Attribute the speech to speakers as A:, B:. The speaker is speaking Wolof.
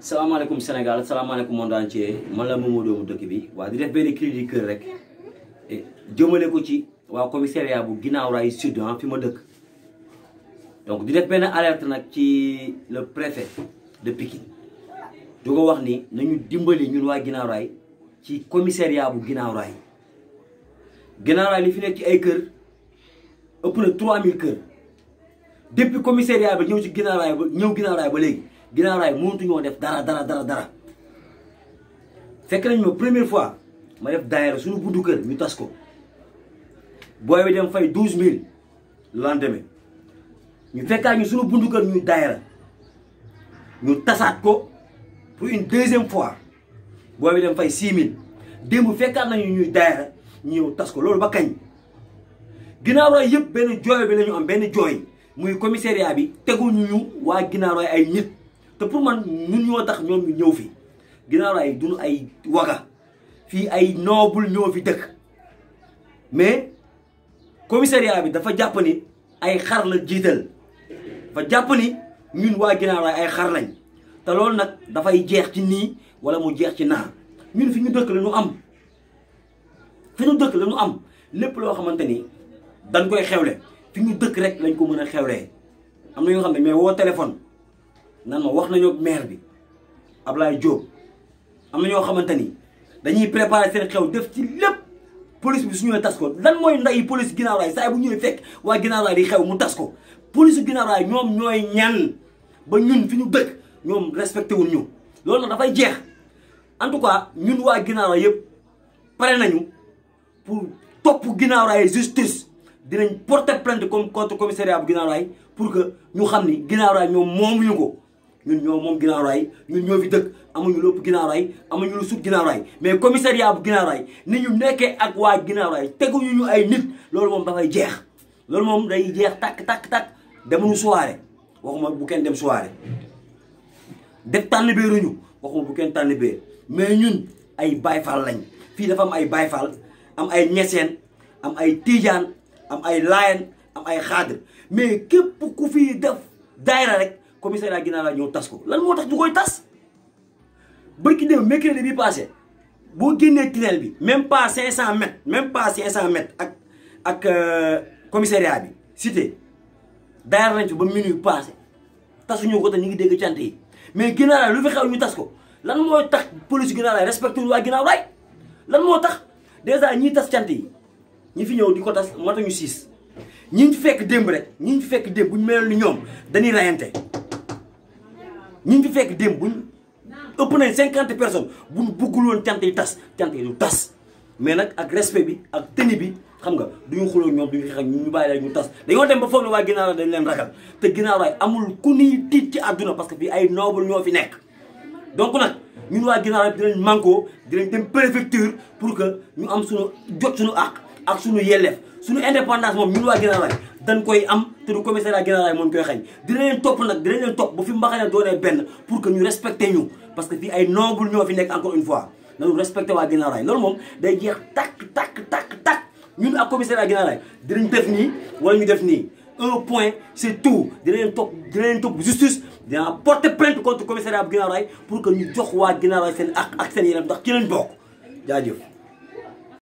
A: salaamaaleykum Sénégal salaamaaleykum monde entier man la Momo doomu dëkk bi waa di def benn cri du cœur eh, jëmale ko ci waa commissariat bu ginnaaw raay sud ah, fi ma dëkk donc di def benn alerte nag ci le préfet de Pikine du ko wax ni nañu dimbali ñun waa ginnaaw raay ci commissariat bu ginnaaw raay ginnaaw raay li fi nekk ci ay kër ëpp na 3000 kër depuis commissariat bi ñëw ci ginnaaw ba ñëw ginnaaw raay ba léegi ginnaaw raay mënatuñoo def dara dara dara dara fekk nañ ma première fois ma def daayira suñu buddu kër ñu tas ko booy bi dem fay douze mille lendemain ñu fekkaat ñu suñu bundu kër ñu daayira ñu tasaat ko pour une deuxième fois booy bi dem fay six mille démb fekkaat nañu ñuy daayira ñëw tas ko loolu ba kañ ginnaaw raay yëpp benn jooy bi la ñu am benn jooy muy commissariat bi teguñu ñu waa ginnaaw raay ay nit te pour man ñun ñoo tax ñoom ñëw fi ginnaaw raay duñu ay waga fii ay noobul ñoo fi dëkk mais commissariat bi dafa jàpp ay xar la jiital dafa jàpp ñun waa ginnaaw raay ay xar lañ te loolu nag dafay jeex ci nii wala mu jeex ci naa ñun fi ñu dëkk la ñu am fi ñu dëkk la ñu am lépp loo xamante ni dañ koy xewle fi ñu dëkk rek lañ ko mën a xewlee am na ñoo xam ne mais woo téléphone nan ma wax nañoo maire bi ab laay Diop am na ñoo xamante ni dañuy préparer seen xew def ci lépp police bi su ñëwee tas ko lan mooy ndayi police ginaaraay raay saa bu ñëwee fekk waa ginnaaw di xew mu tas ko police ginnaaw raay ñoom ñooy ñan ba ñun fi ñu dëkk ñoom respecté wul ñu loolu nag dafay jeex en tout cas ñun waa ginnaaw yëpp pare nañu pour topp ginnaaw raay justice dinañ porter plainte comme contre commissariat bu ginnaaw pour que ñu xam ni ginnaaw ñoom ñoom moomuñu ko ñun ñoo moom Guinaw Rail ñun ñoo fi dëkk amuñu lépp Guinaw amuñu lu sut Guinaw Rail mais commissariat bu Guinaw Rail ni ñu nekkee ak waa Guinaw Rail teguñu ñu ay nit loolu moom dafay jeex loolu moom day jeex takk takk takk demuñu soirée waxuma bu kenn dem soirée def tànn beeruñu waxuma bu kenn tànn beer mais ñun ay bayfal lañ fii dafa am ay bayfal am ay ñeseen am ay tiijaan am ay laayen am ay xaadir mais képp ku fi def daayra rek commissariat Guinaw Rail ñëw tas ko lan moo tax ñu koy tas bërki dem mercredi bi passé boo génnee tunnel bi même pas 500 mètres même pas 500 mètres ak ak euh, commissariat bi cité daayar nañ fi ba minuit passé tasuñu ko te ñu ngi dégg cant mais Guinaw lu fi xew ñu tas ko lan mooy tax police Guinaw Rail respecté waa lan moo tax dèjà ñiy tas cant ñi fi ñëw di ko tas matuñu siis ñi ñu fekk démb rek ñi fekk démb bu ñu ni ñoom dañuy rayante ñi fi fekk démb buñ ëpp nañ cinquante personnes buñ bugguloon cant yi tas cant yi du tas mais nag ak respect bi ak teni bi xam nga duñu xuloo ñoom duñu xeex ñu bàyyi la ñu tas dañoo dem ba foog ne waa ginnaaw dañ leen ragal te ginnaaw waay amul ku niy tiit ci àdduna parce que fii ay noble ñoo fi nekk donc nag ñun waa ginnaaw dinañ manko dinañ dem préfecture pour que ñu am suñu jot suñu àq ak suñu yelleef suñu indépendance moom ñun waa dañ koy am te du commissariat général moom koy xañ dina leen topp nag dina leen topp ba fi mbaxane doonee benn pour que ñu respecté ñu parce que fii ay noble ñoo fi nekk encore une fois nanu respecté waa Guinaw loolu moom day jeex takk takk takk takk ñun ak commissariat Guinaw Rail dinañ def nii wala ñu def nii un point c'est tout dina leen topp dina leen topp justice dina porter plainte contre commissariat bu Guinaw Rail pour que ñu jox waa Guinaw Rail seen ak ak seen yeneen ndax ci leen bokk jaajëf